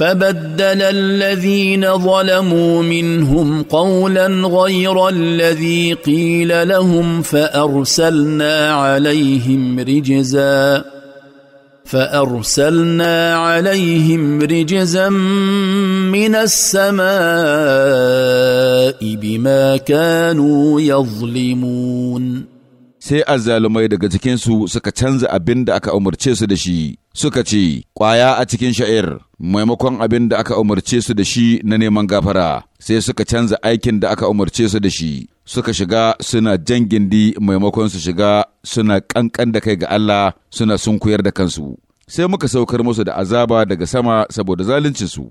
فبدل الذين ظلموا منهم قولا غير الذي قيل لهم فارسلنا عليهم رجزا فارسلنا عليهم رجزا من السماء بما كانوا يظلمون sai azzalumai daga cikinsu suka canza abin da aka umarce su da shi, suka ce, ƙwaya a cikin sha'ir, maimakon abin da aka umarce su da shi na neman gafara, sai suka canza aikin da aka umarce su da shi, suka shiga suna jan gindi maimakon su shiga suna ƙanƙan da kai ga Allah suna sunkuyar da kansu. Sai muka saukar musu da azaba daga sama saboda zaluncinsu.